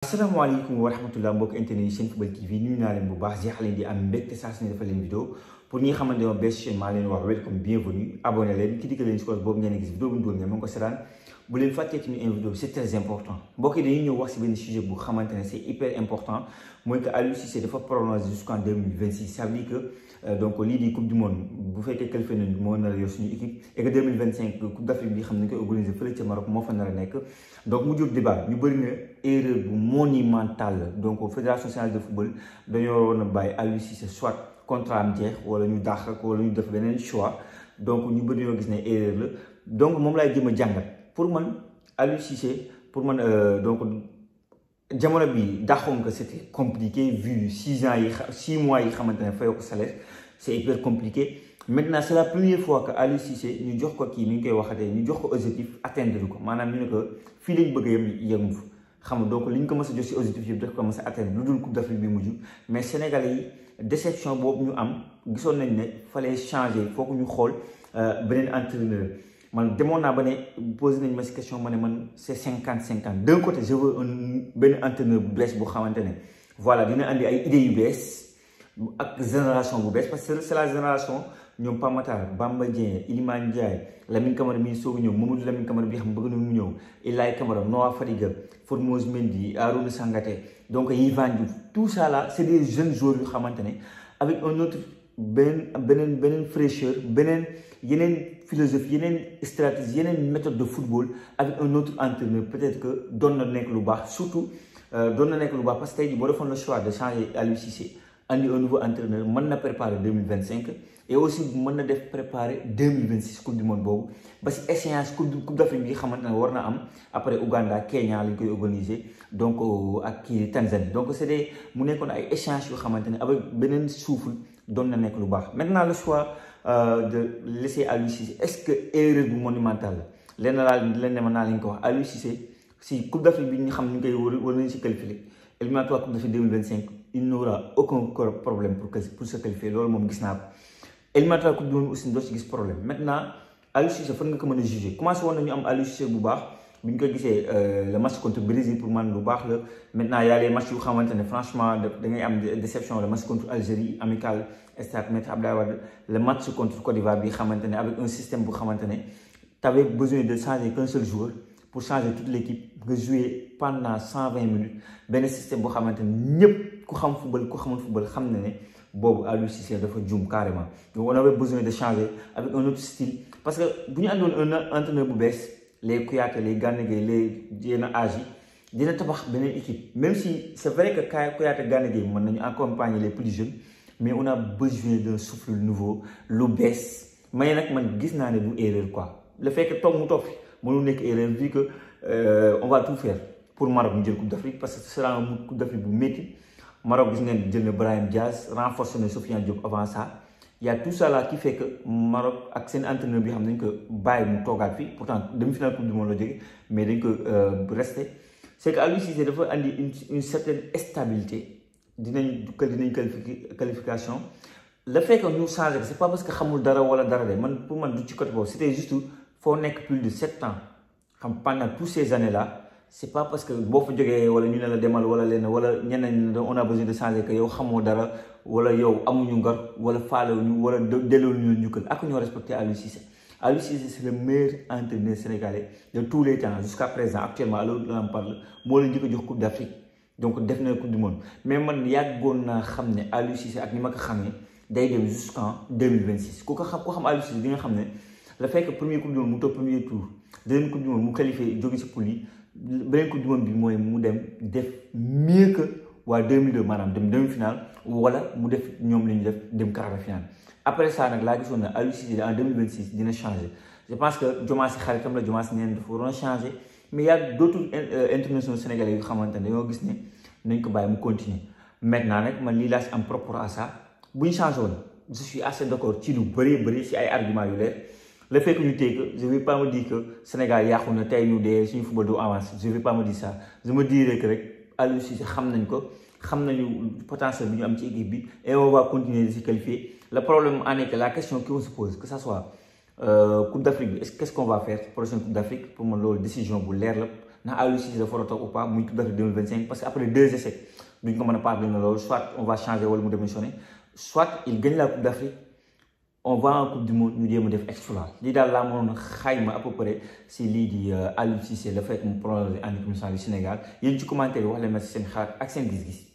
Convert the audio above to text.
السلام عليكم ورحمه الله وبركاته انتي نيشان في بالتي في نونا لمبارح زي حالي دي ام بيت تسعة سنين في الفيديو pour ñi nga xamante ne moom bees chaîne leen wax welcome bienvenue abonné leen cliqué leen si cloche boobu ngeen gis vidéo bu ñu doon ko seetaan bu leen fàttee tamit une vidéo c'est très important mbokk yi dañuy ñëw wax si benn sujet bu xamante ne c'est hyper important mooy que Aliou Cissé dafa prolongé jusqu'en 2026 ça veut dire que euh, donc lii di coupe du monde bu fekkee qualifié nañu moo nar a yor suñu équipe et que 2025 coupe d'Afrique bi xam nañ koy organisé fële ca Maroc moo fa nar a nekk donc mu jur débat ñu bëri na erreur bu monumentale donc fédération sénégalaise de football dañoo waroon a bàyyi Aliou Cissé soit contrat am jeex wala ñu dàq ko wala ñu def beneen choix donc ñu bëri ñoo gis ne erreur la donc moom laay jëm a jàngat pour man Aliou Cissé pour man euh, donc jamono bi dàqoon ko c'était compliqué vu six ans yi six mois yi xamante ne fayoo ko salaire c'est hyper compliqué maintenant c'est la première fois que Aliou Cissé ñu jox ko kii ni ñu koy waxatee ñu jox ko objectif atteindre ko maanaam ñu ne ko fii lañ bëgg a yem yemul xam nga donc liñ ko mësa a jot si objectif yëpp daf ko mësa a atteindre lu dul Coupe d'Afrique bi mujj mais Sénégalais yi déception boobu ñu am gisoon nañ ne fallait changer foogu ñu xool euh, beneen entraîneur man demoon naa ba ne posé nañ ma si question ma ne man c'est cinquante cinquante d'un côté je veux un benn entraîneur bu bees bu xamante ne voilà dina andi ay idées yu bees ak génération bu bees parce que c'est la génération ñoom Pape Matar Bamba Dié, Iliman Ndiaye Lamine Camara mi soog a Mamadou Lamine Camara bi xam bëgg na ñëw ilay Camara Noah Fadiga Formose Mendy Arouna Sangaté donc Yvan Diouf tout ça là c'est des jeunes joueurs yu xamante avec un autre ben benen fraîcheur une yeneen philosophie yeneen stratégie yeneen méthode de football avec un autre entraîneur peut-être que doon na nekk lu baax surtout euh, doon na nekk lu baax parce que tey jii boo defoon le choix de changer à l'UCC andi un nouveau entraîneur mën na préparer 2025 et aussi mën na def préparer 2026, coupe du monde boobu ba si échéance coupe coupe d' Afrique bi xamante ne am après Ouganda Kenya lañ koy organiser donc euh, ak kii Tanzanie donc c'est des mu nekkoon ay échange avec beneen souffle doon na lu maintenant le choix euh, de laisser à lui. est ce que erreur bu monumentale la lenn laa leen ne dire naa leen ko wax si coupe d'Afrique Afrique bi ñu xam ñu koy war war nañu si qualifier éliminatoire coupe d' Afrique il n'aura aucun problème pour, pour ce qu'elle fait loolu moom gis naa ko Elimata Coupe du Monde aussi doo gis problème maintenant Aliou Cissé fan nga ko mën a juger commencé woon nañu am Aliou Cissé bu baax bi ñu euh, le match contre Brésil pour man lu baax il maintenant y a les matchs yu xamante ne franchement da ngay am déception le match contre Algérie amical stade le match contre Côte d'Ivoire avec un système bu xamante Tu t'avais besoin de changer qu'un seul joueur pour changer toute l'équipe nga jouer pendant 120 vingt minutes Le système pour xamante képp ku xam football ku xamul football xam na ne boobu Aliou Cissé dafa juum carrément donc on avait besoin de changer avec un autre style parce que bu ñu àndoon un entraîneur bu bees les Kouyaté les Gana les Diena Agi dina tabax beneen équipe même si c'est vrai que Kouyaté Gana Gueye mën nañu accompagner les plus jeunes mais on a besoin d'un souffle nouveau lu bees mais nag man gis naa ne bu erreur quoi le fait que toog mu toog fi mënul nekk erreur vu que euh, on va tout faire pour Maroc mu jël Coupe d'Afrique parce que ce sera un Coupe d'Afrique bu métti Maroc gis ngeen jël Brahim Diaz renforcé na Sofiane Diop avant ça Il y a tout ça là qui fait que Maroc ak seen entraîneur bi xam nañ ko bay mu toogaat fi pourtant demi-finale coupe du monde la mais dañ ko euh, rester. c'est que lui, Cissé dafa andi une une certaine stabilité dinañ dinañ qualification le fait que nous changé ce c'est pas parce que xamul dara wala dara pour man du côté c'était juste pour nek plus de 7 ans pendant toutes ces années là c'est pas parce que boo fa jógee wala ñu ne la demal wala lenn wala ñeneen on a besoin de changer que yow xamoo dara wala yow amuñu ngar wala ñu wala delluwul ñu njukkal ak ñoo respecté Aliou Cissé Aliou Cissé c'est le meilleur entraîneur sénégalais de tous les temps jusqu'à présent actuellement à l'heure on parle moo leen njëkk a jox coupe d'Afrique donc def na coupe du monde mais man yàggoon naa xam ne Aliou Cissé ak ni ma ko xamee day dem jusqu'en 2026 ku ko xam ku xam Aliou Cissé di nga xam ne la fekk premier coupe du monde mu toog premier tour deuxième coupe du monde mu qualifié jóge si poule yi beneen coupe du monde bi mooy mu dem def mieux que waa 2002 maanaam dem demi final wala mu def ñoom li ñu def dem quart de finale après ça nag laa gisoon na Aliou en 2026 dina changer je pense que Jomaa si xaritam la Jomaa si neen dafa waroon changer mais y a d'autres euh, internationaux sénégalais yu xamante ne dañoo gis ne nañ ko bàyyi mu continuer maintenant nag man lii laa si am propre à ça bu ñu changé woon je suis assez d'accord ci lu bëree bëri si ay arguments yu leer le fait que ñu dis que je vais pas me dire que Sénégal a une taille ñu des suñu football avance je vais pas me dire ça je me dis que rek Aliou Cissé xam nañ ko potentiel de ñu équipe et on va continuer de se qualifier le problème en est que la question qu'on se pose que ça soit euh, Coupe d'Afrique est-ce qu'est-ce qu'on va faire pour prochaine Coupe d'Afrique pour man décision pour l'air la Aliou Cissé dafa ou pas la Coupe d'Afrique 2025 parce qu'après deux essais duñ ko soit on va changer wala mu démissionner soit il gagne la Coupe d'Afrique on voit un coupe de monde nous def exploit à peu près si di euh, c'est la fait en du Sénégal Il ci a wax